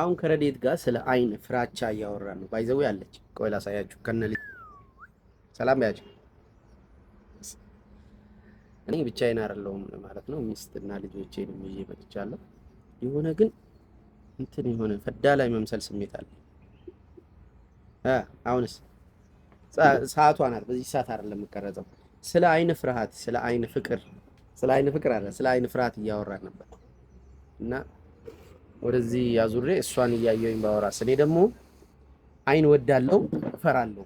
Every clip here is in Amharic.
አሁን ከረዴት ጋር ስለ አይን ፍራቻ እያወራ ነው። ባይዘው ያለች ቆይ ላሳያችሁ። ከነል ሰላም ያችሁ እኔ ብቻዬን አይደለሁም ማለት ነው። ሚስትና ልጆቼንም ይዤ መጥቻለሁ። የሆነ ግን እንትን የሆነ ፈዳ ላይ መምሰል ስሜት አለ። አሁንስ ሰዓቷ ናት። በዚህ ሰዓት አይደለም የምቀረጸው። ስለ አይን ፍርሃት፣ ስለ አይን ፍቅር፣ ስለ አይን ፍቅር አለ ስለ አይን ፍርሃት እያወራ ነበር እና ወደዚህ ያዙሬ እሷን እያየኝ ባወራስ እኔ ደግሞ አይን ወዳለው እፈራለሁ።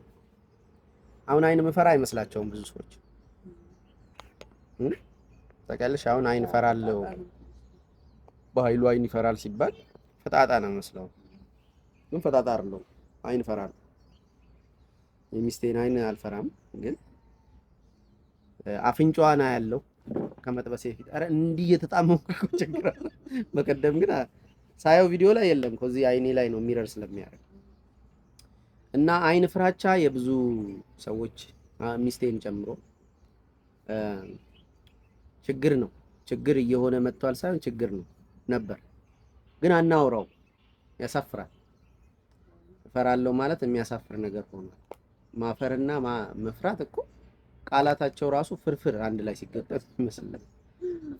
አሁን አይን ምፈራ አይመስላቸውም ብዙ ሰዎች ታውቂያለሽ። አሁን አይን እፈራለሁ በኃይሉ አይን ይፈራል ሲባል ፈጣጣ ነው መስለው፣ ግን ፈጣጣ አይደለሁም። አይን እፈራለሁ። የሚስቴን አይን አልፈራም፣ ግን አፍንጫዋን አያለሁ ከመጥበሴ ፊት። አረ እንዲህ እየተጣመምኩ ችግር አለ። በቀደም ግን ሳየው ቪዲዮ ላይ የለም ከዚህ አይኔ ላይ ነው ሚረር ስለሚያደርግ እና አይን ፍራቻ የብዙ ሰዎች ሚስቴን ጨምሮ ችግር ነው። ችግር እየሆነ መጥቷል ሳይሆን ችግር ነው ነበር፣ ግን አናውራው። ያሳፍራል። እፈራለሁ ማለት የሚያሳፍር ነገር ሆኗል። ማፈርና መፍራት እኮ ቃላታቸው ራሱ ፍርፍር አንድ ላይ ሲገጠም ይመስላል።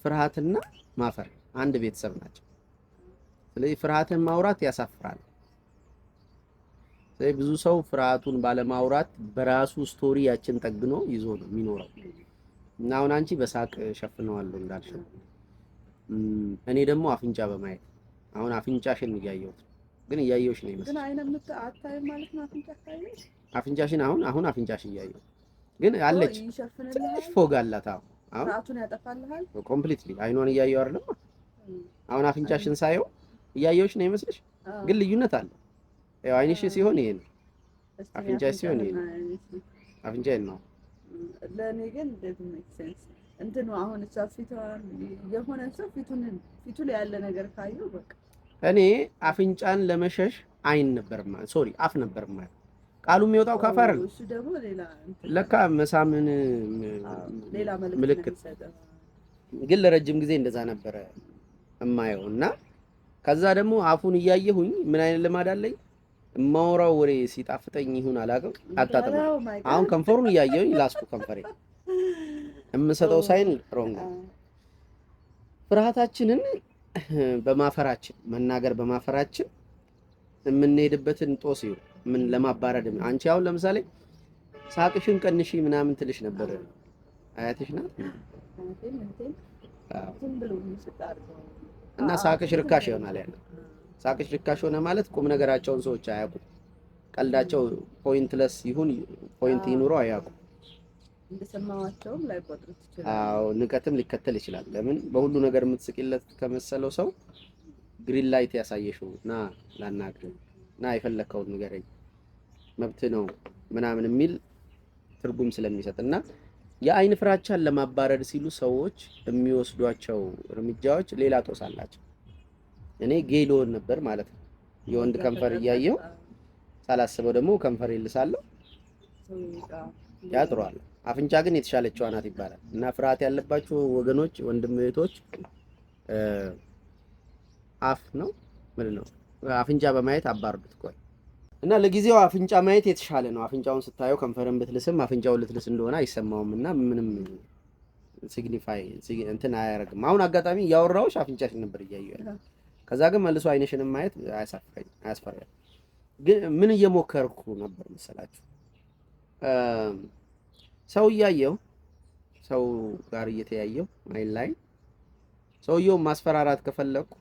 ፍርሃትና ማፈር አንድ ቤተሰብ ናቸው። ስለዚህ ፍርሃትን ማውራት ያሳፍራል። ስለዚህ ብዙ ሰው ፍርሃቱን ባለማውራት በራሱ ስቶሪ ያችን ጠግኖ ይዞ ነው የሚኖረው እና አሁን አንቺ በሳቅ ሸፍነዋለሁ እንዳልሽ እኔ ደግሞ አፍንጫ በማየት አሁን አፍንጫሽን እያየሁት ግን እያየሁሽ ነው ይመስል አፍንጫሽን አሁን አሁን አፍንጫሽ እያየሁ ግን አለች ትንሽ ፎግ አላት። አሁን አሁን ኮምፕሊትሊ አይኗን እያየሁ አይደለም አሁን አፍንጫሽን ሳየው እያየሁሽ ነው ይመስልሽ፣ ግን ልዩነት አለ። ያው አይንሽ ሲሆን ይሄ ነው፣ አፍንጫሽ ሲሆን ይሄ ነው። አፍንጫ ነው ለእኔ ግን እንዴት ሜክ ሴንስ እንትኑ አሁን እሷ ፊቷ የሆነ ሰው ፊቱን ፊቱ ላይ ያለ ነገር ካየው በቃ እኔ አፍንጫን ለመሸሽ አይን ነበርማ፣ ሶሪ አፍ ነበርማ። ቃሉ የሚወጣው ካፋር ነው። ለካ መሳምን ምልክት ግን ለረጅም ጊዜ እንደዛ ነበረ እማየው እና ከዛ ደግሞ አፉን እያየሁኝ ምን አይነት ልማድ አለኝ ማውራው ወሬ ሲጣፍጠኝ ይሁን አላውቅም፣ አጣጥም oh አሁን ከንፈሩን እያየሁኝ ላስኩ ከንፈሬ የምሰጠው ሳይን ሮንግ። ፍርሃታችንን በማፈራችን መናገር በማፈራችን የምንሄድበትን ጦስ ይሁን ምን ለማባረድ አንቺ አሁን ለምሳሌ ሳቅሽን ቀንሺ ምናምን ትልሽ ነበር አያትሽ ናት እና ሳቅሽ ርካሽ ይሆናል። ያለ ሳቅሽ ርካሽ ሆነ ማለት ቁም ነገራቸውን ሰዎች አያውቁም። ቀልዳቸው ፖይንትለስ ይሁን ፖይንት ይኑረው አያውቁም። እንደሰማዋቸውም ላይቆጥሩት ይችላል። አዎ ንቀትም ሊከተል ይችላል። ለምን በሁሉ ነገር የምትስቂለት ከመሰለው ሰው ግሪን ላይት ያሳየሽው ና ላናግር ና የፈለከውን ንገረኝ መብት ነው ምናምን የሚል ትርጉም ስለሚሰጥ እና የአይን ፍራቻን ለማባረድ ሲሉ ሰዎች የሚወስዷቸው እርምጃዎች ሌላ ጦስ አላቸው። እኔ ጌሎን ነበር ማለት ነው። የወንድ ከንፈር እያየው ሳላስበው ደግሞ ከንፈር ይልሳለሁ፣ ያጥሯል። አፍንጫ ግን የተሻለችው ናት ይባላል። እና ፍርሃት ያለባችሁ ወገኖች፣ ወንድም እህቶች አፍ ነው ምን ነው አፍንጫ በማየት አባርዱት ቆይ እና ለጊዜው አፍንጫ ማየት የተሻለ ነው። አፍንጫውን ስታየው ከንፈርን ብትልስም አፍንጫውን ልትልስ እንደሆነ አይሰማውም እና ምንም ሲግኒፋይ እንትን አያደርግም። አሁን አጋጣሚ እያወራሁሽ አፍንጫሽን ነበር እያየሁ ያለ። ከዛ ግን መልሶ አይነሽንም ማየት አያስፈራም። ግን ምን እየሞከርኩ ነበር መሰላችሁ? ሰው እያየው ሰው ጋር እየተያየው አይን ላይ ሰውየው ማስፈራራት ከፈለግኩ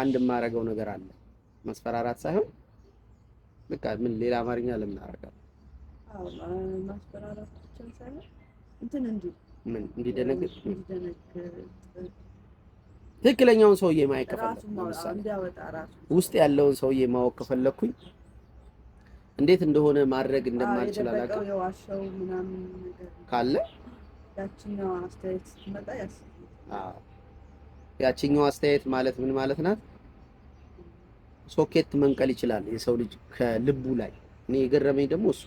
አንድ የማደርገው ነገር አለ። ማስፈራራት ሳይሆን በቃ ምን ሌላ አማርኛ ለምን አደርጋለሁ? ምን እንዲደነግጥ ትክክለኛውን ሰውዬ ማየት ውስጥ ያለውን ሰውዬ ማወቅ ከፈለኩኝ እንዴት እንደሆነ ማድረግ እንደማልችል አላውቅም ካለ ያቺኛው አስተያየት ማለት ምን ማለት ናት? ሶኬት መንቀል ይችላል የሰው ልጅ ከልቡ ላይ። እኔ የገረመኝ ደግሞ እሱ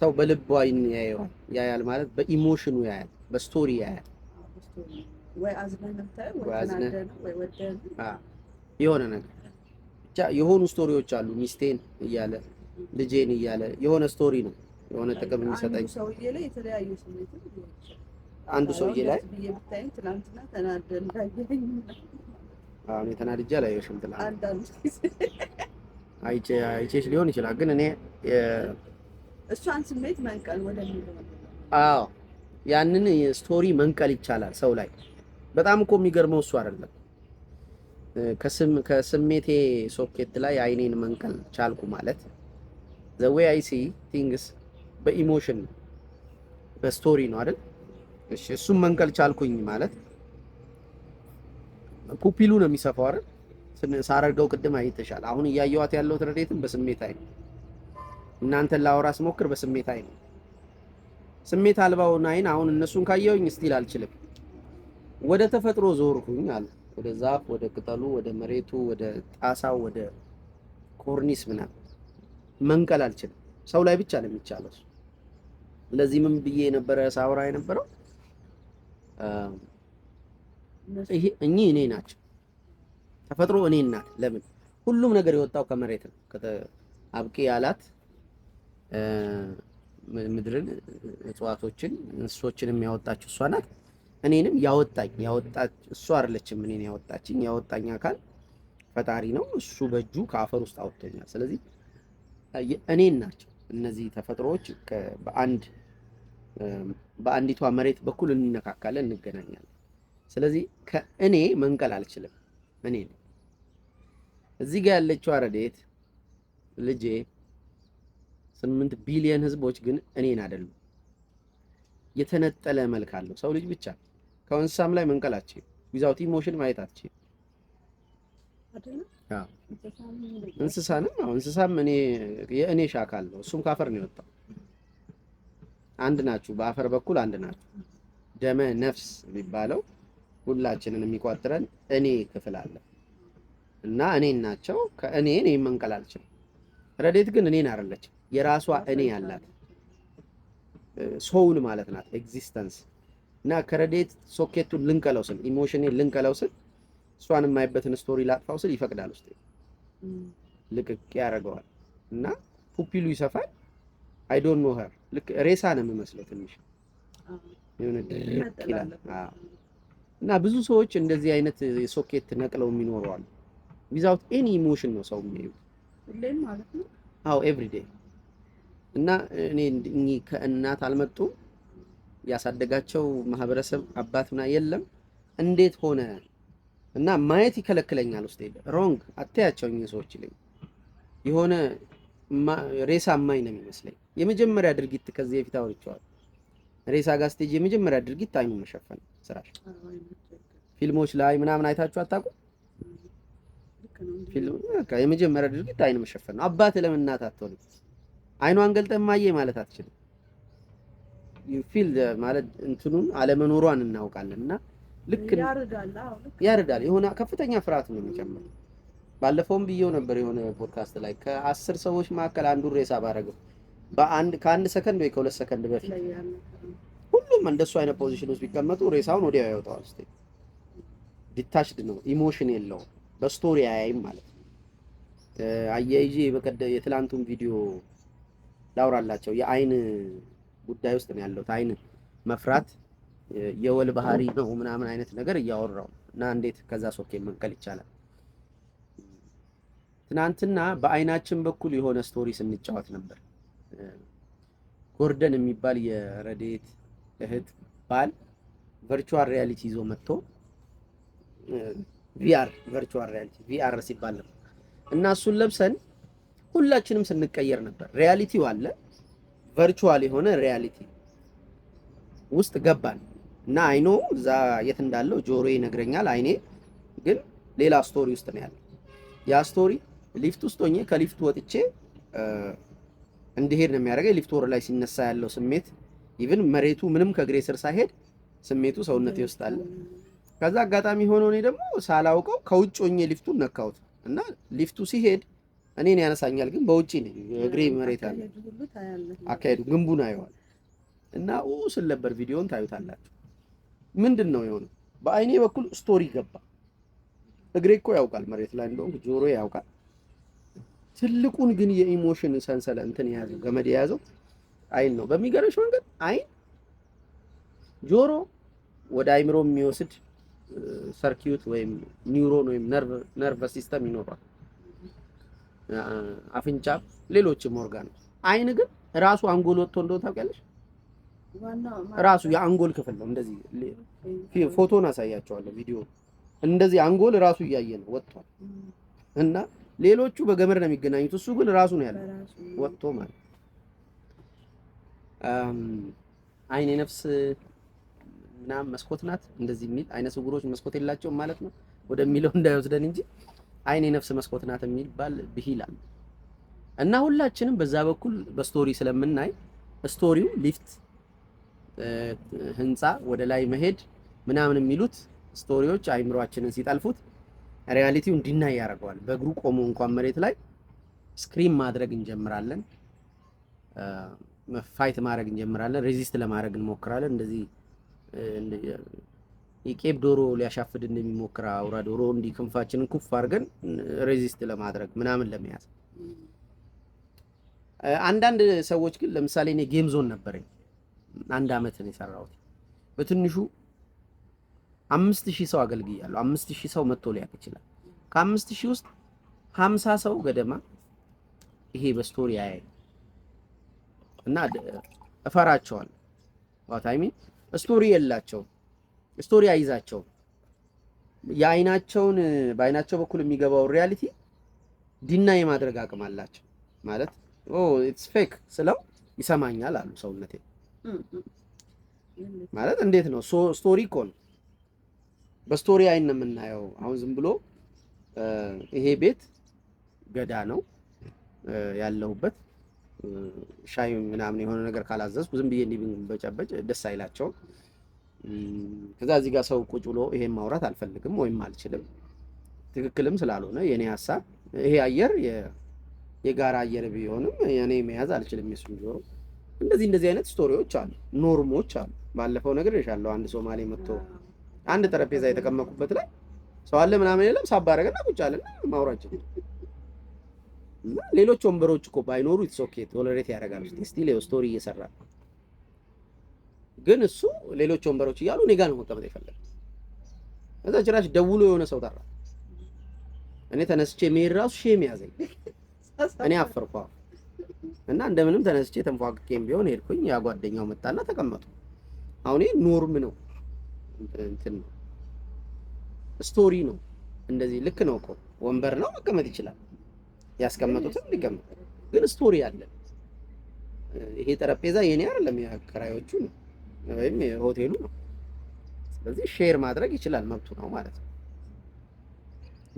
ሰው በልቡ አይን ያየዋል። ያያል ማለት በኢሞሽኑ ያያል፣ በስቶሪ ያያል። የሆነ ነገር ብቻ የሆኑ ስቶሪዎች አሉ። ሚስቴን እያለ ልጄን እያለ የሆነ ስቶሪ ነው የሆነ ጥቅም የሚሰጠኝ አንዱ ሰውዬ ላይ አሁን የተናድጃ ላይ ትላለህ። አይቼ አይቼሽ ሊሆን ይችላል፣ ግን እኔ እሷን ስሜት መንቀል ወደሚለው አዎ፣ ያንን ስቶሪ መንቀል ይቻላል ሰው ላይ። በጣም እኮ የሚገርመው እሱ አይደለም ከስም ከስሜቴ ሶኬት ላይ አይኔን መንቀል ቻልኩ ማለት ዘ ዌይ አይ ሲ ቲንግስ በኢሞሽን በስቶሪ ነው አይደል? እሺ እሱም መንቀል ቻልኩኝ ማለት ኩፒሉ ነው የሚሰፋው አይደል? ሳረርገው ቅድም አይተሻል። አሁን እያየዋት ያለሁት ረዴትም በስሜት አይ እናንተ እናንተን ላወራ ስሞክር በስሜት አይ ነው። ስሜት አልባውን አይን አሁን እነሱን ካየውኝ ስቲል አልችልም። ወደ ተፈጥሮ ዞርኩኝ አለ። ወደ ዛፍ፣ ወደ ቅጠሉ፣ ወደ መሬቱ፣ ወደ ጣሳው፣ ወደ ኮርኒስ ምናምን መንቀል አልችልም። ሰው ላይ ብቻ ነው የሚቻለው። ስለዚህ ምን ብዬ የነበረ ሳውራ የነበረው እኚህ እኔ ናቸው። ተፈጥሮ እኔ ናት። ለምን ሁሉም ነገር የወጣው ከመሬት ነው። አብቂ ያላት ምድርን፣ እጽዋቶችን፣ እንስሶችን የሚያወጣችው እሷ ናት። እኔንም ያወጣኝ ያወጣች እሷ አይደለችም። እኔን ያወጣችኝ ያወጣኝ አካል ፈጣሪ ነው። እሱ በእጁ ከአፈር ውስጥ አውጥቶኛል። ስለዚህ እኔን ናቸው እነዚህ ተፈጥሮዎች በአንድ በአንዲቷ መሬት በኩል እንነካካለን፣ እንገናኛለን። ስለዚህ ከእኔ መንቀል አልችልም። እኔ እዚህ ጋር ያለችው ረዴት ልጄ ስምንት ቢሊየን ህዝቦች ግን እኔን አይደሉም። የተነጠለ መልክ አለው ሰው ልጅ ብቻ ከእንስሳም ላይ መንቀል አትችልም። ዊዛውት ኢሞሽን ማየት አትችልም። እንስሳንም ነው እንስሳም እኔ የእኔ ሻካ አለው። እሱም ከአፈር ነው የወጣው። አንድ ናችሁ፣ በአፈር በኩል አንድ ናችሁ። ደመ ነፍስ የሚባለው ሁላችንን የሚቋጥረን እኔ ክፍል አለ እና እኔን ናቸው። ከእኔ እኔ መንቀል አልችልም። ረዴት ግን እኔን አረለች የራሷ እኔ ያላት ሶውል ማለት ናት ኤግዚስተንስ እና ከረዴት ሶኬቱን ልንቀለው ስል ኢሞሽኔን ልንቀለው ስል እሷን የማይበትን ስቶሪ ላጥፋው ስል ይፈቅዳል ውስጥ ልቅቅ ያደርገዋል እና ፑፒሉ ይሰፋል። አይ ዶንት ኖ ሄር ልክ ሬሳ ነው የምመስለው ትንሽ ድርቅ ይላል። እና ብዙ ሰዎች እንደዚህ አይነት ሶኬት ነቅለው የሚኖሩ አሉ። ዊዛውት ኤኒ ኢሞሽን ነው ሰው የሚያዩ ሁሌም ማለት ነው። አዎ ኤቭሪ እና እኔ ከእናት አልመጡ ያሳደጋቸው ማህበረሰብ አባትና የለም። እንዴት ሆነ እና ማየት ይከለክለኛል። ውስጥ ሄደ ሮንግ አታያቸው እኚህ ሰዎች ይለኝ የሆነ ሬሳ ማኝ ነው የሚመስለኝ። የመጀመሪያ ድርጊት ከዚህ በፊት አውርቼዋለሁ። ሬሳ ጋር ስትሄጂ የመጀመሪያ ድርጊት አይኑ መሸፈን ስራሽ ፊልሞች ላይ ምናምን አይታችሁ አታውቁም? ፊልም በቃ የመጀመሪያ ድርጊት አይን መሸፈን ነው። አባት ለምን እናት አትሆንም? አይኗን ገልጠህ ማለት አትችልም። ፊል ማለት እንትኑን አለመኖሯን እናውቃለን እና ልክ ያርዳል። የሆነ ከፍተኛ ፍርሃት ነው የሚጨምር። ባለፈውም ብዬው ነበር የሆነ ፖድካስት ላይ ከአስር ሰዎች መካከል አንዱ ሬሳ ባረገው ከአንድ ሰከንድ ወይ ከሁለት ሰከንድ በፊት ሁሉም እንደሱ አይነት ፖዚሽን ውስጥ ቢቀመጡ ሬሳውን ወዲያው ያወጣዋል። እስቲ ዲታችድ ነው፣ ኢሞሽን የለውም፣ በስቶሪ አያይም ማለት ነው። አያይዤ በቀደ የትላንቱን ቪዲዮ ላውራላቸው። የአይን ጉዳይ ውስጥ ነው ያለው። አይን መፍራት የወል ባህሪ ነው ምናምን አይነት ነገር እያወራው እና እንዴት ከዛ ሶኬ መንቀል ይቻላል። ትናንትና በአይናችን በኩል የሆነ ስቶሪ ስንጫወት ነበር። ጎርደን የሚባል የረዴት እህት፣ ባል ቨርቹዋል ሪያሊቲ ይዞ መጥቶ ቪአር ቨርቹዋል ሪያሊቲ ቪአር ሲባል ነበር እና እሱን ለብሰን ሁላችንም ስንቀየር ነበር። ሪያሊቲው አለ ቨርቹዋል የሆነ ሪያሊቲ ውስጥ ገባን እና አይኖ እዛ የት እንዳለው ጆሮ ይነግረኛል። አይኔ ግን ሌላ ስቶሪ ውስጥ ነው ያለው። ያ ስቶሪ ሊፍት ውስጥ ሆኜ ከሊፍት ወጥቼ እንድሄድ ነው የሚያደርገኝ። ሊፍት ወር ላይ ሲነሳ ያለው ስሜት ኢቭን መሬቱ ምንም ከእግሬ ስር ሳይሄድ ስሜቱ ሰውነቴ ውስጥ አለ። ከዛ አጋጣሚ ሆኖ እኔ ደግሞ ሳላውቀው ከውጭ ሆኜ ሊፍቱን ነካሁት እና ሊፍቱ ሲሄድ እኔን ያነሳኛል፣ ግን በውጪ ነኝ እግሬ መሬት አለ። አካሄዱ ግንቡን አየዋል እና ስል ነበር። ቪዲዮን ታዩታላችሁ። ምንድን ነው የሆነ በአይኔ በኩል ስቶሪ ገባ። እግሬ እኮ ያውቃል መሬት ላይ እንደውም ጆሮ ያውቃል። ትልቁን ግን የኢሞሽን ሰንሰለ እንትን የያዘው ገመድ የያዘው አይን ነው። በሚገርምሽ መንገድ አይን ጆሮ ወደ አይምሮ የሚወስድ ሰርኪዩት ወይም ኒውሮን ወይም ነርቭ ሲስተም ይኖራል። አፍንጫ፣ ሌሎችም ኦርጋን። አይን ግን ራሱ አንጎል ወጥቶ እንደሆነ ታውቂያለሽ። ራሱ የአንጎል ክፍል ነው። እንደዚህ ፎቶን አሳያቸዋለሁ፣ ቪዲዮ እንደዚህ አንጎል ራሱ እያየ ነው ወጥቷል። እና ሌሎቹ በገመድ ነው የሚገናኙት፣ እሱ ግን ራሱ ነው ያለው ወጥቶ ማለት አይኔ ነፍስ ምናምን መስኮት ናት እንደዚህ የሚል አይነ ስውሮች መስኮት የላቸውም ማለት ነው ወደሚለው እንዳይወስደን እንጂ አይኔ ነፍስ መስኮት ናት የሚባል ብሂል አለ እና ሁላችንም በዛ በኩል በስቶሪ ስለምናይ ስቶሪው ሊፍት፣ ህንፃ ወደ ላይ መሄድ ምናምን የሚሉት ስቶሪዎች አይምሯችንን ሲጠልፉት ሪያሊቲው እንዲናይ ያደርገዋል። በእግሩ ቆሞ እንኳን መሬት ላይ ስክሪን ማድረግ እንጀምራለን። ፋይት ማድረግ እንጀምራለን። ሬዚስት ለማድረግ እንሞክራለን። እንደዚህ የቄብ ዶሮ ሊያሻፍድ እንደሚሞክር አውራ ዶሮ እንዲህ ክንፋችንን ኩፍ አድርገን ሬዚስት ለማድረግ ምናምን ለመያዝ አንዳንድ ሰዎች ግን ለምሳሌ እኔ ጌም ዞን ነበረኝ። አንድ አመት ነው የሰራሁት። በትንሹ አምስት ሺህ ሰው አገልግያለሁ። አምስት ሺህ ሰው መጥቶ ሊያውቅ ይችላል። ከአምስት ሺህ ውስጥ ሀምሳ ሰው ገደማ ይሄ በስቶሪ አያይ እና እፈራቸዋል። ዋታይሚን ስቶሪ የላቸውም፣ ስቶሪ አይዛቸውም። የአይናቸውን በአይናቸው በኩል የሚገባው ሪያሊቲ ዲና የማድረግ አቅም አላቸው። ማለት ኦ ኢትስ ፌክ ስለው ይሰማኛል አሉ ሰውነቴ። ማለት እንዴት ነው? ስቶሪ እኮ ነው። በስቶሪ አይን ነው የምናየው። አሁን ዝም ብሎ ይሄ ቤት ገዳ ነው ያለሁበት ሻይ ምናምን የሆነ ነገር ካላዘዝኩ ዝም ብዬ እንዲህ በጨበጭ ደስ አይላቸውም። ከዛ እዚህ ጋር ሰው ቁጭ ብሎ ይሄን ማውራት አልፈልግም ወይም አልችልም፣ ትክክልም ስላልሆነ የእኔ ሀሳብ ይሄ አየር የጋራ አየር ቢሆንም እኔ መያዝ አልችልም። የሱ ጆሮ እንደዚህ እንደዚህ አይነት ስቶሪዎች አሉ፣ ኖርሞች አሉ። ባለፈው ነገር ይሻለሁ አንድ ሶማሌ መጥቶ አንድ ጠረጴዛ የተቀመቁበት ላይ ሰው አለ ምናምን የለም ሳባረገና ቁጭ አለና ማውራት እና ሌሎች ወንበሮች እኮ ባይኖሩ ኢትስ ኦኬ ቶለሬት ያደርጋሉ። ስቲል ስቶሪ እየሰራ ግን እሱ ሌሎች ወንበሮች እያሉ እኔ ነው መቀመጥ የፈለገ። እዛ ጭራሽ ደውሎ የሆነ ሰው ጠራ። እኔ ተነስቼ መሄድ ራሱ ሼም ያዘኝ። እኔ አፈርኳ እና እንደምንም ተነስቼ ተንፏቅቄም ቢሆን ሄድኩኝ። ያ ጓደኛው መጣና ተቀመጡ። አሁን ኖርም ነው እንትን ነው ስቶሪ ነው እንደዚህ ልክ ነው እኮ ወንበር ነው መቀመጥ ይችላል ያስቀመጡት ሊቀመጡ ግን ስቶሪ አለ። ይሄ ጠረጴዛ የኔ አይደለም የከራዮቹ ነው ወይም የሆቴሉ ነው። ስለዚህ ሼር ማድረግ ይችላል መብቱ ነው ማለት ነው።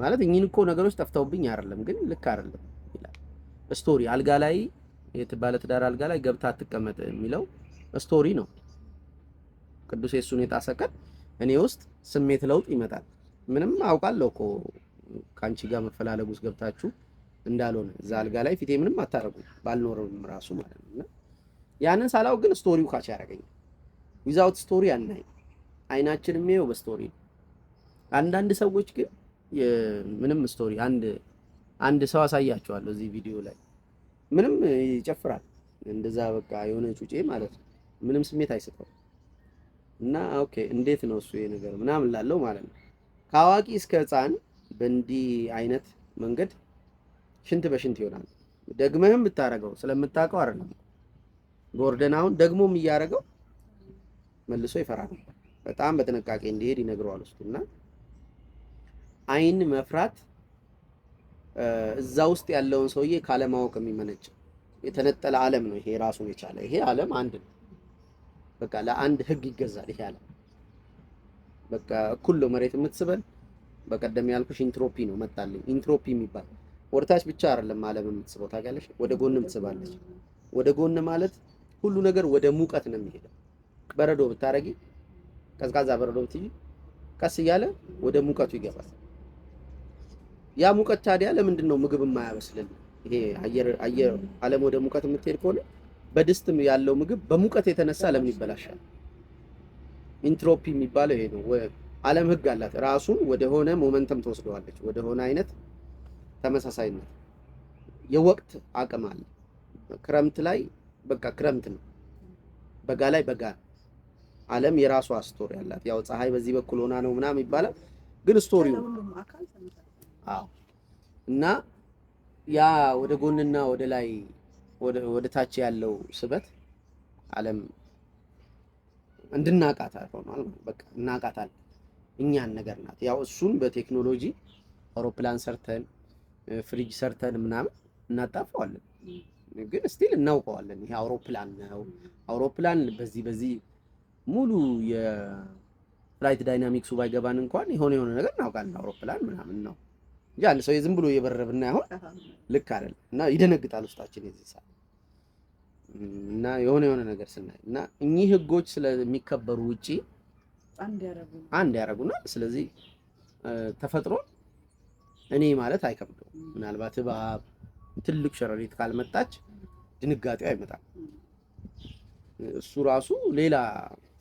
ማለት እኚህን እኮ ነገሮች ጠፍተውብኝ አይደለም ግን ልክ አይደለም ይላል። ስቶሪ አልጋ ላይ ባለትዳር አልጋ ላይ ገብታ አትቀመጥ የሚለው ስቶሪ ነው። ቅዱስ የሱን የጣሰ እኔ ውስጥ ስሜት ለውጥ ይመጣል። ምንም አውቃለሁ እኮ ከአንቺ ጋር መፈላለግ ውስጥ ገብታችሁ እንዳልሆነ እዛ አልጋ ላይ ፊቴ ምንም አታረጉ ባልኖርም ራሱ ማለት ነው። እና ያንን ሳላው ግን ስቶሪው ካች ያደረገኛል። ዊዛውት ስቶሪ አናይ አይናችን የሚየው በስቶሪ ነው። አንዳንድ ሰዎች ግን ምንም ስቶሪ አንድ አንድ ሰው አሳያቸዋለሁ እዚህ ቪዲዮ ላይ ምንም ይጨፍራል እንደዛ በቃ የሆነ ጩጬ ማለት ነው። ምንም ስሜት አይሰጠው እና ኦኬ እንዴት ነው እሱ ይሄ ነገር ምናምን ላለው ማለት ነው። ከአዋቂ እስከ ህፃን በእንዲህ አይነት መንገድ ሽንት በሽንት ይሆናል። ደግመህም ብታረገው ስለምታውቀው አይደለም። ጎርደን አሁን ደግሞም እያረገው መልሶ ይፈራል። በጣም በጥንቃቄ እንዲሄድ ይነግረዋል ውስጡ እና አይን መፍራት እዛ ውስጥ ያለውን ሰውዬ ካለማወቅ የሚመነጭ የተነጠለ ዓለም ነው። ይሄ ራሱን የቻለ ይሄ ዓለም አንድ ነው። በቃ ለአንድ ህግ ይገዛል። ይሄ ዓለም በቃ እኩል ነው መሬት የምትስበን። በቀደም ያልኩሽ ኢንትሮፒ ነው መጣልኝ። ኢንትሮፒ የሚባል ወደታች ብቻ አይደለም ዓለም የምትስበው ታውቂያለሽ፣ ወደ ጎንም ትስባለች። ወደ ጎን ማለት ሁሉ ነገር ወደ ሙቀት ነው የሚሄደው። በረዶ ብታረጊ፣ ቀዝቃዛ በረዶ ብትይ፣ ቀስ እያለ ወደ ሙቀቱ ይገባል። ያ ሙቀት ታዲያ ለምንድን ነው ምግብ የማያበስልን? ይሄ አየር አየር ዓለም ወደ ሙቀት የምትሄድ ከሆነ በድስትም ያለው ምግብ በሙቀት የተነሳ ለምን ይበላሻል? ኢንትሮፒ የሚባለው ይሄ ነው። ዓለም ህግ አላት። ራሱን ወደሆነ ሞመንተም ትወስደዋለች፣ ሆነ አይነት ተመሳሳይነት የወቅት አቅም አለ። ክረምት ላይ በቃ ክረምት ነው፣ በጋ ላይ በጋ ነው። ዓለም የራሷ ስቶሪ አላት። ያው ፀሐይ በዚህ በኩል ሆና ነው ምናምን ይባላል፣ ግን ስቶሪው አዎ። እና ያ ወደ ጎንና ወደ ላይ ወደ ታች ያለው ስበት ዓለም እንድናቃት ሆኗል። በቃ እናቃታል፣ እኛን ነገር ናት። ያው እሱን በቴክኖሎጂ አውሮፕላን ሰርተን ፍሪጅ ሰርተን ምናምን እናጣፈዋለን፣ ግን ስቲል እናውቀዋለን። ይሄ አውሮፕላን ነው። አውሮፕላን በዚህ በዚህ ሙሉ የፍላይት ዳይናሚክሱ ባይገባን እንኳን የሆነ የሆነ ነገር እናውቃለን። አውሮፕላን ምናምን ነው እንጂ አንድ ሰው የዝም ብሎ እየበረረ ብናየው ልክ አይደለም እና ይደነግጣል ውስጣችን የዚህ ሰዓት እና የሆነ የሆነ ነገር ስናይ እና እኚህ ህጎች ስለሚከበሩ ውጪ አንድ ያደርጉናል። ስለዚህ ተፈጥሮን እኔ ማለት አይከብደው። ምናልባት እባብ ትልቅ ሸረሪት ካልመጣች ድንጋጤው አይመጣም። እሱ ራሱ ሌላ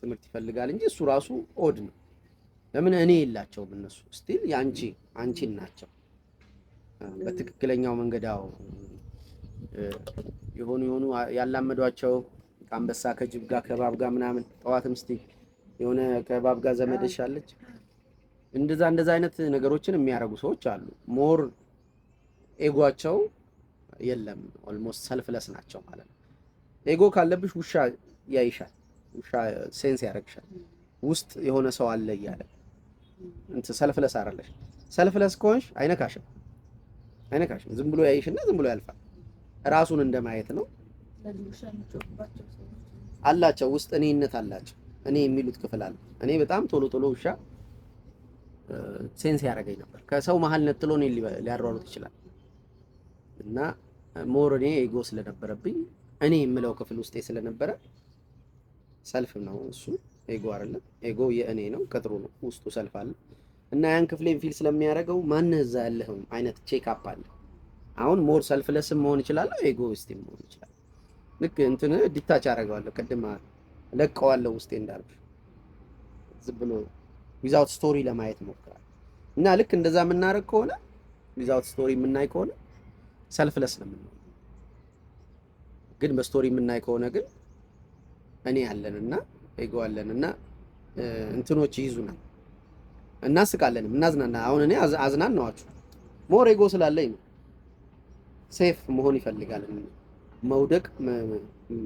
ትምህርት ይፈልጋል እንጂ እሱ ራሱ ኦድ ነው። ለምን እኔ የላቸውም እነሱ ስቲል የአንቺ አንቺን ናቸው በትክክለኛው መንገዳው የሆኑ የሆኑ ያላመዷቸው ከአንበሳ ከጅብ ጋር ከባብ ጋር ምናምን ጠዋትም ስቲ የሆነ ከባብ ጋር ዘመደሻለች እንደዛ እንደዛ አይነት ነገሮችን የሚያደርጉ ሰዎች አሉ። ሞር ኤጓቸው የለም ኦልሞስት ሰልፍለስ ናቸው ማለት ነው። ኤጎ ካለብሽ ውሻ ያይሻል፣ ውሻ ሴንስ ያደርግሻል። ውስጥ የሆነ ሰው አለ እያለ እንት ሰልፍለስ አረለሽ። ሰልፍለስ ከሆንሽ አይነካሽም፣ አይነካሽም። ዝም ብሎ ያይሽና ዝም ብሎ ያልፋል። ራሱን እንደማየት ነው አላቸው። ውስጥ እኔነት አላቸው። እኔ የሚሉት ክፍል አለ። እኔ በጣም ቶሎ ቶሎ ውሻ ሴንስ ያደረገኝ ነበር። ከሰው መሀል ነጥሎ እኔ ሊያሯሩት ይችላል እና ሞር እኔ ኤጎ ስለነበረብኝ እኔ የምለው ክፍል ውስጤ ስለነበረ ሰልፍ ነው እሱ ኤጎ አይደለም። ኤጎ የእኔ ነው፣ ቅጥሩ ነው፣ ውስጡ ሰልፍ አለ እና ያን ክፍሌን ፊል ስለሚያደርገው ማን እዛ ያለህም አይነት ቼክ አፕ አለ። አሁን ሞር ሰልፍ ለስም መሆን ይችላለሁ፣ ኤጎይስትም መሆን ይችላል። ልክ እንትን ዲታች አደርገዋለሁ። ቅድም ለቀዋለሁ ውስጤ እንዳልኩ ዝም ብሎ ዊዛውት ስቶሪ ለማየት ነው እና ልክ እንደዛ የምናደርግ ከሆነ ዊዛውት ስቶሪ የምናይ ከሆነ ሰልፍለስ ነው የምንሆነው። ግን በስቶሪ የምናይ ከሆነ ግን እኔ ያለንና ኤጎ ያለንና እንትኖች ይይዙናል፣ እናስቃለንም፣ እናዝናና። አሁን እኔ አዝናናዋችሁ ሞር ኤጎ ስላለኝ ነው። ሴፍ መሆን ይፈልጋል። መውደቅ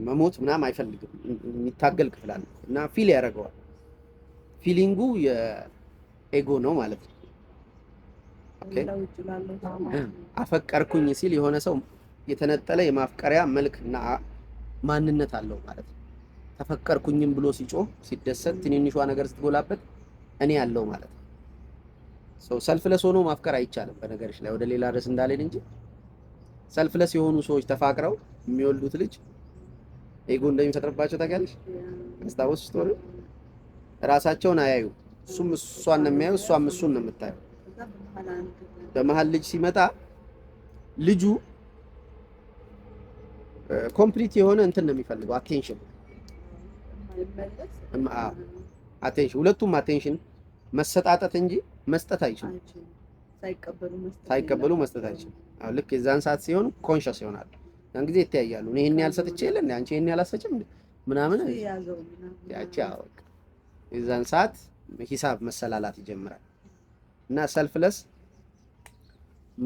መሞት ምናምን አይፈልግም። የሚታገል ክፍል አለ እና ፊል ያደርገዋል። ፊሊንጉ የኤጎ ነው ማለት ነው። አፈቀርኩኝ ሲል የሆነ ሰው የተነጠለ የማፍቀሪያ መልክ እና ማንነት አለው ማለት ነው። ተፈቀርኩኝም ብሎ ሲጮህ ሲደሰት ትንንሿ ነገር ስትጎላበት እኔ ያለው ማለት ነው። ሰው ሰልፍለስ ሆኖ ማፍቀር አይቻልም። በነገርሽ ላይ ወደ ሌላ ድረስ እንዳልሄድ እንጂ ሰልፍለስ የሆኑ ሰዎች ተፋቅረው የሚወልዱት ልጅ ኤጎ እንደሚፈጥርባቸው ታውቂያለሽ። አስታወስሽ ስትሆን ራሳቸውን አያዩ እሱም እሷን ነው የሚያዩ እሷም እሱን ነው የምታየው። በመሀል ልጅ ሲመጣ ልጁ ኮምፕሊት የሆነ እንትን ነው የሚፈልገው። አቴንሽን አቴንሽን፣ ሁለቱም አቴንሽን መሰጣጠት እንጂ መስጠት አይችልም። ሳይቀበሉ መስጠት አይችልም። ልክ የዛን ሰዓት ሲሆን ኮንሽስ ይሆናል። ያን ጊዜ ይተያያሉ። እኔ ይሄን ያህል ሰጥቼ የለ አንቺ ይህን ያህል ምናምን ያቺ የዛን ሰዓት ሂሳብ መሰላላት ይጀምራል። እና ሰልፍለስ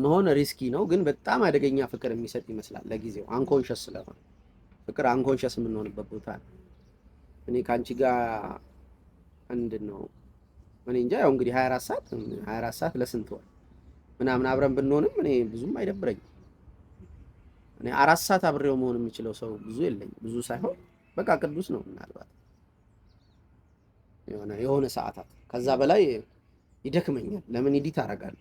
መሆን ሪስኪ ነው፣ ግን በጣም አደገኛ ፍቅር የሚሰጥ ይመስላል ለጊዜው አንኮንሸስ ስለሆነ። ፍቅር አንኮንሸስ የምንሆንበት ቦታ ነው። እኔ ከአንቺ ጋር ምንድን ነው እኔ እንጃ። ያው እንግዲህ 24 ሰዓት 24 ሰዓት ለስንት ወር ምናምን አብረን ብንሆንም እኔ ብዙም አይደብረኝ። እኔ አራት ሰዓት አብሬው መሆን የምችለው ሰው ብዙ የለኝ። ብዙ ሳይሆን በቃ ቅዱስ ነው ምናልባት የሆነ የሆነ ሰዓታት ከዛ በላይ ይደክመኛል። ለምን ኤዲት አደርጋለሁ?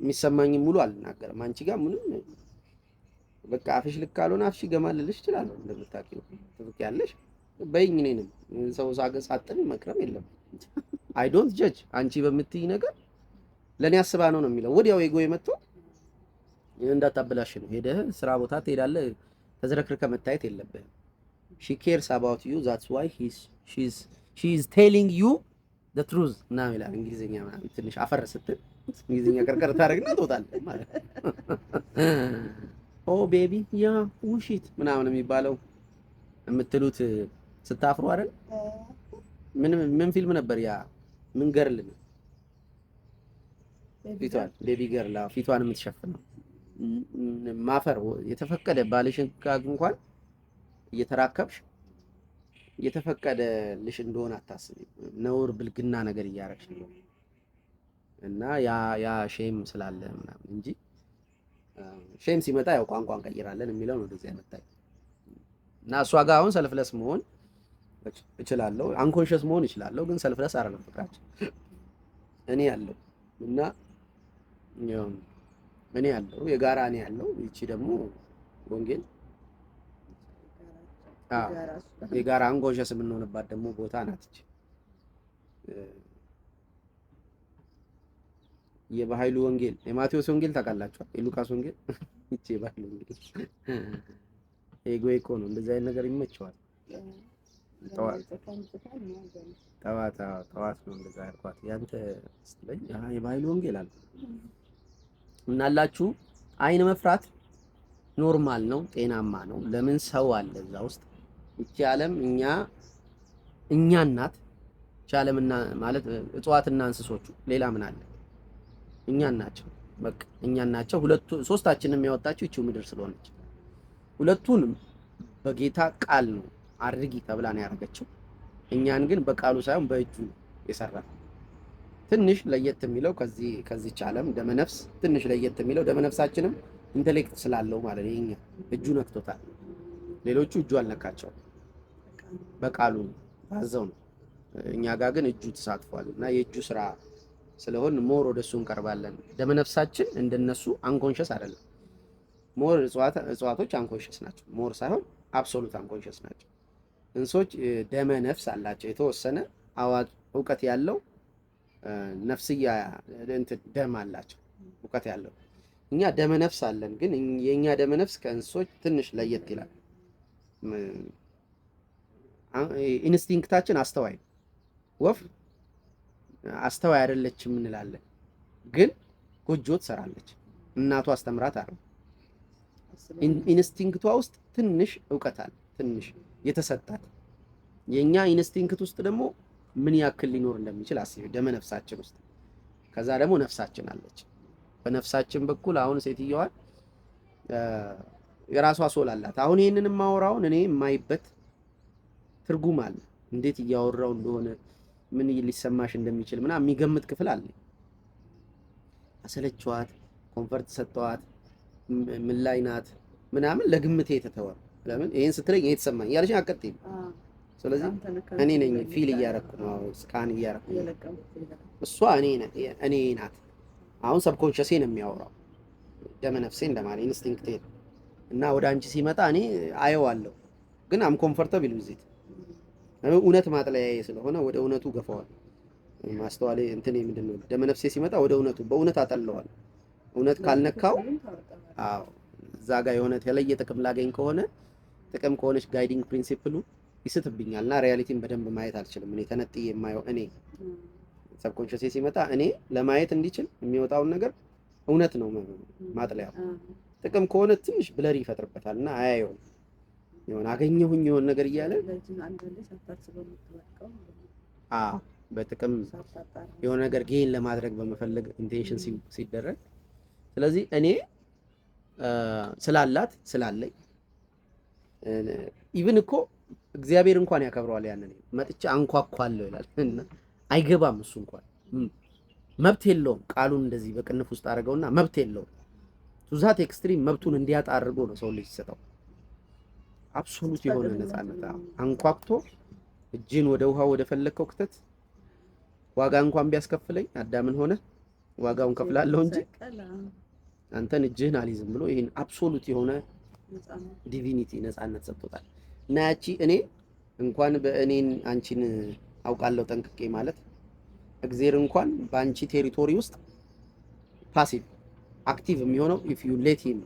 የሚሰማኝም ሙሉ አልናገርም። አንቺ ጋር ምንም በቃ አፍሽ ልክ ካልሆነ አፍሽ ይገማልልሽ ይችላል። እንደምታውቂው ትብቅ ያለሽ በይኝ። እኔንም ሰው ሳገሳጥን መክረም የለም። አይ ዶንት ጀጅ። አንቺ በምትይ ነገር ለእኔ አስባ ነው ነው የሚለው ወዲያው ኤጎ የመጥቶ እንዳታበላሽ ነው። ሄደህ ስራ ቦታ ትሄዳለህ። ተዝረክርከ መታየት የለብህም። ሺ ኬርስ አባውት ዩ ዛትስ ዋይ ሺ ኢዝ ቴሊንግ ዩ ትሩዝ ምናምን ይላል እንግሊዝኛ ምናምን ትንሽ አፈር ስትል እንግሊዝኛ ቀርቀር ታደርግና ትወጣለህ ማለት ኦ ቤቢ ያ ውሽት ምናምን የሚባለው የምትሉት ስታፍሩ አይደል? ምን ፊልም ነበር ያ? ምን ገርል ነው ፊቷን ቤቢ ገርል ፊቷን የምትሸፍነው ማፈር የተፈቀደ ባልሽን እንኳን እየተራከብሽ የተፈቀደ ልሽ እንደሆነ አታስቢ። ነውር ብልግና ነገር እያረግሽ ነው እና ያ ያ ሼም ስላለ ምናምን እንጂ ሼም ሲመጣ ያው ቋንቋ እንቀይራለን የሚለው ነው ወደዚህ እና እሷ ጋር አሁን ሰልፍለስ መሆን እችላለሁ፣ አንኮንሽስ መሆን እችላለሁ። ግን ሰልፍለስ አረነ ፍቅራችን እኔ ያለው እና እኔ ያለው የጋራ እኔ ያለው ይቺ ደግሞ ወንጌል የጋራ አንጎሸስ የምንሆንባት ደግሞ ቦታ ናትች። የባህሉ ወንጌል የማቴዎስ ወንጌል ታውቃላችኋል። የሉቃስ ወንጌል እቺ የባህሉ ወንጌል ኤጎ እኮ ነው። እንደዚህ አይነት ነገር ይመቸዋል። ጠዋት ጠዋት ነው እንደዛ ያልኳት ያንተ ስትለኝ የባህሉ ወንጌል አለ ምናላችሁ። አይን መፍራት ኖርማል ነው፣ ጤናማ ነው። ለምን ሰው አለ እዛ ውስጥ እቺ ዓለም እኛ እኛ እናት እቺ ዓለም እና ማለት እጽዋትና እንስሶቹ ሌላ ምን አለ? እኛ ናቸው። በቃ እኛ ናቸው። ሁለቱ ሶስታችንም ያወጣችው እቺው ምድር ስለሆነች ሁለቱንም በጌታ ቃል ነው አድርጊ ተብላ ነው ያደረገችው። እኛን ግን በቃሉ ሳይሆን በእጁ የሰራ ትንሽ ለየት የሚለው ከዚህ ከዚች ዓለም ደመነፍስ ትንሽ ለየት የሚለው ደመነፍሳችንም ኢንተሌክት ስላለው ማለት ነው። እጁ ነክቶታል፣ ሌሎቹ እጁ አልነካቸውም። በቃሉ ባዘው ነው። እኛ ጋር ግን እጁ ተሳትፏል እና የእጁ ስራ ስለሆን ሞር ወደሱ እንቀርባለን። ደመነፍሳችን እንደነሱ አንኮንሸስ አይደለም። ሞር እጽዋቶች አንኮንሸስ ናቸው። ሞር ሳይሆን አብሶሉት አንኮንሸስ ናቸው። እንስሶች ደመ ነፍስ አላቸው። የተወሰነ አዋቂ እውቀት ያለው ነፍስያ ደም አላቸው እውቀት ያለው። እኛ ደመ ነፍስ አለን፣ ግን የእኛ ደመ ነፍስ ከእንስሶች ትንሽ ለየት ይላል። ኢንስቲንክታችን አስተዋይ ነው። ወፍ አስተዋይ አይደለችም እንላለን፣ ግን ጎጆ ትሰራለች። እናቷ አስተምራት አለ። ኢንስቲንክቷ ውስጥ ትንሽ እውቀት አለ፣ ትንሽ የተሰጣት። የኛ ኢንስቲንክት ውስጥ ደግሞ ምን ያክል ሊኖር እንደሚችል አስቢ። ደመ ነፍሳችን ውስጥ ከዛ ደግሞ ነፍሳችን አለች። በነፍሳችን በኩል አሁን ሴትዮዋን የራሷ ሶል አላት። አሁን ይህንን የማወራውን እኔ የማይበት ትርጉም አለ። እንዴት እያወራው እንደሆነ ምን ሊሰማሽ እንደሚችል ምና የሚገምት ክፍል አለ። አሰለችዋት፣ ኮንፈርት ሰጥተዋት፣ ምን ላይ ናት ምናምን ለግምቴ የተተወ ለምን ይሄን ስትለኝ ይሄ ተሰማኝ ያለሽ አቀጥይ። ስለዚህ እኔ ነኝ ፊል እያረኩ ነው ስካን እያረኩ እሷ እኔ እኔ ናት። አሁን ሰብኮንሸሴ ነው የሚያወራው ደመ ነፍሴ እንደማለት ኢንስቲንክቴ እና ወደ አንቺ ሲመጣ እኔ አየዋለሁ፣ ግን አም ኮምፎርታብል ዊዝ ኢት እውነት ማጥለያዬ ስለሆነ ወደ እውነቱ ገፋዋል። ማስተዋሌ እንትን ምንድን ነው ደመነፍሴ ሲመጣ ወደ እውነቱ በእውነት አጠለዋል። እውነት ካልነካው አዎ እዛ ጋ የሆነ የተለየ ጥቅም ላገኝ ከሆነ ጥቅም ከሆነች ጋይዲንግ ፕሪንሲፕሉ ይስትብኛል እና ሪያሊቲን በደንብ ማየት አልችልም። እኔ ተነጥዬ የማየው እኔ ሰብኮንሽስ ሲመጣ እኔ ለማየት እንዲችል የሚወጣውን ነገር እውነት ነው ማጥለያው። ጥቅም ከሆነ ትንሽ ብለሪ ይፈጥርበታል እና አያየውም የሆነ አገኘሁኝ የሆነ ነገር እያለ በጥቅም የሆነ ነገር ጌን ለማድረግ በመፈለግ ኢንቴንሽን ሲደረግ፣ ስለዚህ እኔ ስላላት ስላለኝ ኢቭን እኮ እግዚአብሔር እንኳን ያከብረዋል። ያንን መጥቼ አንኳኳለሁ ይላል እና አይገባም። እሱ እንኳን መብት የለውም። ቃሉን እንደዚህ በቅንፍ ውስጥ አድርገውና መብት የለውም። ቱዛት ኤክስትሪም መብቱን እንዲያጣ አድርጎ ነው ሰው ልጅ ሰጠው። አብሶሉት የሆነ ነፃነት አንኳኩቶ እጅን ወደ ውሃ ወደ ፈለግከው ክተት። ዋጋ እንኳን ቢያስከፍለኝ አዳምን ሆነ ዋጋውን ከፍላለሁ እንጂ አንተን እጅህን አልይዝም ብሎ ይህን አብሶሉት የሆነ ዲቪኒቲ ነፃነት ሰጥቶታል። እና ያቺ እኔ እንኳን በእኔን አንቺን አውቃለሁ ጠንቅቄ ማለት እግዜር እንኳን በአንቺ ቴሪቶሪ ውስጥ ፓሲቭ አክቲቭ የሚሆነው ኢፍ ዩ ሌት ሂም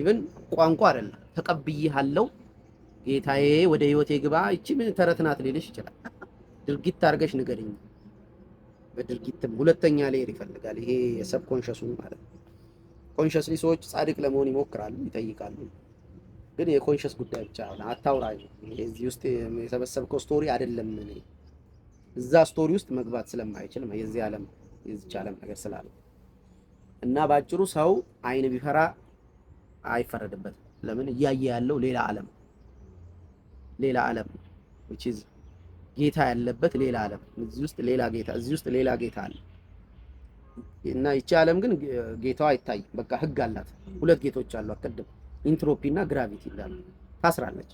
ኢቨን ቋንቋ አይደለም ተቀብዬሃለሁ ጌታዬ ወደ ህይወቴ ግባ፣ እቺ ምን ተረት ናት ሊልሽ ይችላል። ድርጊት አድርገሽ ንገሪኝ። በድርጊትም ሁለተኛ ሌየር ይፈልጋል። ይሄ የሰብ ኮንሸሱ ማለት ነው። ኮንሸስሊ ሰዎች ጻድቅ ለመሆን ይሞክራሉ፣ ይጠይቃሉ። ግን የኮንሸስ ጉዳይ ብቻ አታውራ። እዚህ ውስጥ የሰበሰብከው ስቶሪ አይደለም። እዛ ስቶሪ ውስጥ መግባት ስለማይችል የዚህ ዓለም የዚች ዓለም ነገር ስላለ እና በአጭሩ ሰው አይን ቢፈራ አይፈረድበትም። ለምን እያየ ያለው ሌላ ዓለም ሌላ ዓለም which is ጌታ ያለበት ሌላ ዓለም እዚህ ውስጥ ሌላ ጌታ እዚህ ውስጥ ሌላ ጌታ አለ እና ይቺ ዓለም ግን ጌታዋ አይታይም። በቃ ህግ አላት። ሁለት ጌቶች አሉ። አቀድም ኢንትሮፒ እና ግራቪቲ ይላሉ። ታስራለች።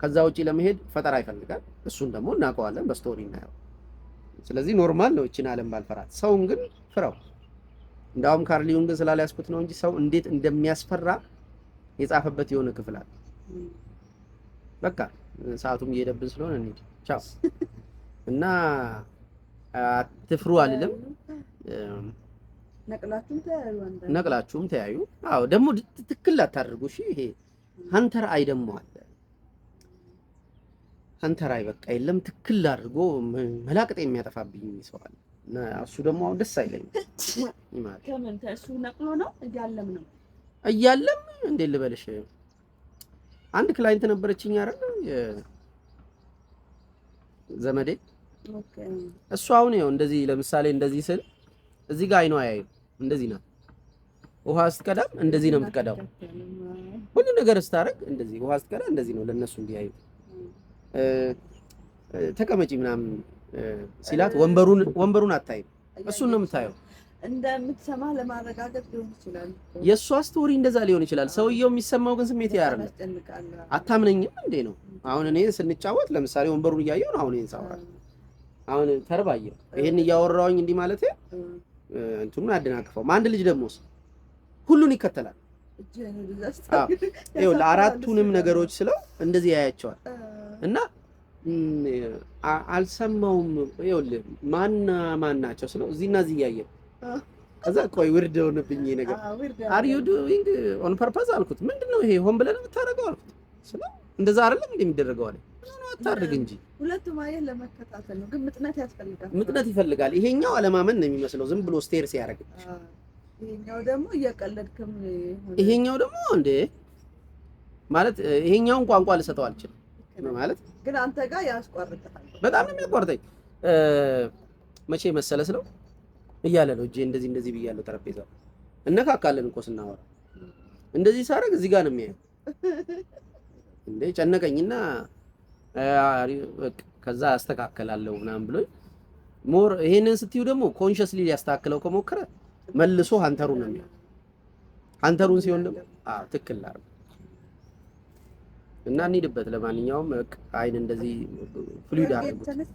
ከዛ ውጪ ለመሄድ ፈጠራ ይፈልጋል። እሱን ደግሞ እናውቀዋለን፣ በስቶሪ እናየው። ስለዚህ ኖርማል ነው እችን ዓለም ባልፈራት፣ ሰውን ግን ፍረው። እንዳውም ካርል ዩንግ ስላልያዝኩት ነው እንጂ ሰው እንዴት እንደሚያስፈራ የጻፈበት የሆነ ክፍል አለ። በቃ ሰዓቱም እየሄደብን ስለሆነ እንሂድ። ቻው እና አትፍሩ አልልም። ነቅላችሁም ተያዩ። አዎ ደግሞ ትክክል አታደርጉ። እሺ ይሄ ሀንተር አይ ደግሞ አለ። ሀንተር አይ በቃ የለም ትክክል አድርጎ መላቅጥ የሚያጠፋብኝ ሰው አለ። እሱ ደግሞ አሁን ደስ አይለኝም። ከምን ከእሱ ነቅሎ ነው እያለም ነው እያለም እንዴት ልበልሽ አንድ ክላይንት ነበረችኝ አይደል ዘመዴ። እሱ አሁን ያው እንደዚህ ለምሳሌ እንደዚህ ስል እዚህ ጋር አይኗ አያይም። እንደዚህ ናት። ውሃ ስትቀዳም እንደዚህ ነው የምትቀዳው። ሁሉ ነገር ስታደርግ እንደዚህ ውሃ ስትቀዳ እንደዚህ ነው ለነሱ እንዲያዩ። ተቀመጪ ምናምን ሲላት ወንበሩን ወንበሩን አታይም፣ እሱን ነው የምታየው። እንደምትሰማ ለማረጋገጥ ሊሆን ይችላል። የእሷ ስቶሪ እንደዛ ሊሆን ይችላል። ሰውየው የሚሰማው ግን ስሜት ያርነ አታምነኝም እንዴ ነው። አሁን እኔ ስንጫወት ለምሳሌ ወንበሩን እያየው ነው። አሁን ይሄን ሳወራ አሁን ተርባየ ይህን እያወራውኝ እንዲህ ማለት እንትኑን አደናቅፈውም። አንድ ልጅ ደግሞ ሁሉን ይከተላል። ይኸውልህ አራቱንም ነገሮች ስለው እንደዚህ ያያቸዋል እና አልሰማውም። ይኸውልህ ማና ማን ናቸው ስለው እዚህና እዚህ እያየሁ ከዛ ቆይ ውርድ ሆነብኝ ነገር አር ዩ ዱዊንግ ኦን ፐርፐዝ አልኩት። ምንድነው ይሄ ሆን ብለን የምታደርገው አልኩት። ስለ እንደዛ አይደለም እንዴ የሚደረገው አለ። አታድርግ እንጂ ሁለቱም አየህ፣ ለመከታተል ነው ግን ምጥነት ያስፈልጋል። ምጥነት ይፈልጋል። ይሄኛው አለማመን ነው የሚመስለው ዝም ብሎ ስቴር ሲያደርግልሽ፣ ይሄኛው ደግሞ እየቀለድክም። ይሄኛው ደግሞ እንዴ ማለት ይሄኛውን ቋንቋ ልሰጠው አልችልም ማለት ግን አንተ ጋር ያስቋርጣል። በጣም ነው የሚያቋርጠኝ መቼ መሰለስ ነው እያለ ነው እጄ እንደዚህ እንደዚህ ብያለሁ። ጠረጴዛ እነካካለን እኮ ስናወራ እንደዚህ ሳደርግ እዚህ ጋር ነው የሚያየው። እንደ ጨነቀኝና ከዛ አስተካከላለሁ ምናምን ብሎኝ ሞር ይሄንን ስትዩ ደግሞ ኮንሽስሊ ሊያስተካክለው ከሞከረ መልሶ ሀንተሩን ነው የሚሆን። ሀንተሩን ሲሆን ደግሞ አዎ ትክክል ላር እና እንሂድበት። ለማንኛውም አይን እንደዚህ ፍሉድ አድርጉት፣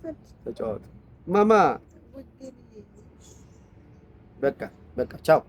ተጫወቱ ማማ በቃ በቃ ቻው።